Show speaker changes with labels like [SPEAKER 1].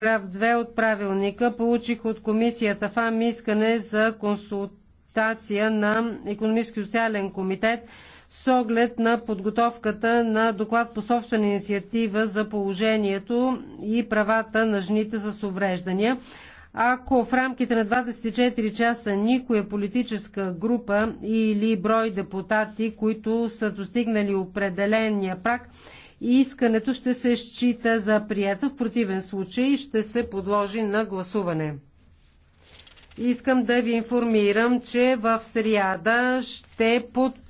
[SPEAKER 1] параграф 2 от правилника получих от комисията ФАМ искане за консултация на Економически и социален комитет с оглед на подготовката на доклад по собствена инициатива за положението и правата на жените с увреждания. Ако в рамките на 24 часа никоя политическа група или брой депутати, които са достигнали определения прак, и искането ще се счита за прието, в противен случай ще се подложи на гласуване. Искам да ви информирам, че в сряда ще подпишем